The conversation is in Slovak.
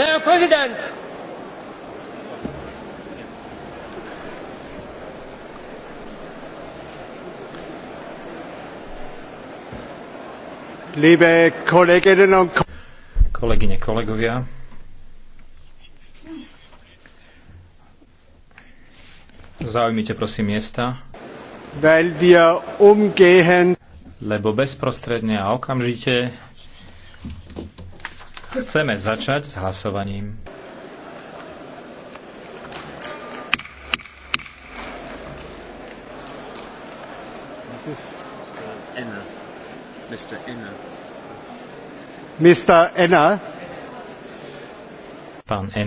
Herr President, Liebe Kolleginnen und Kolegyne, kolegovia, zaujmite prosím miesta, weil wir lebo bezprostredne a okamžite Chceme začať s hlasovaním. Mr. Enna. Mr. Enna. Pán Enna.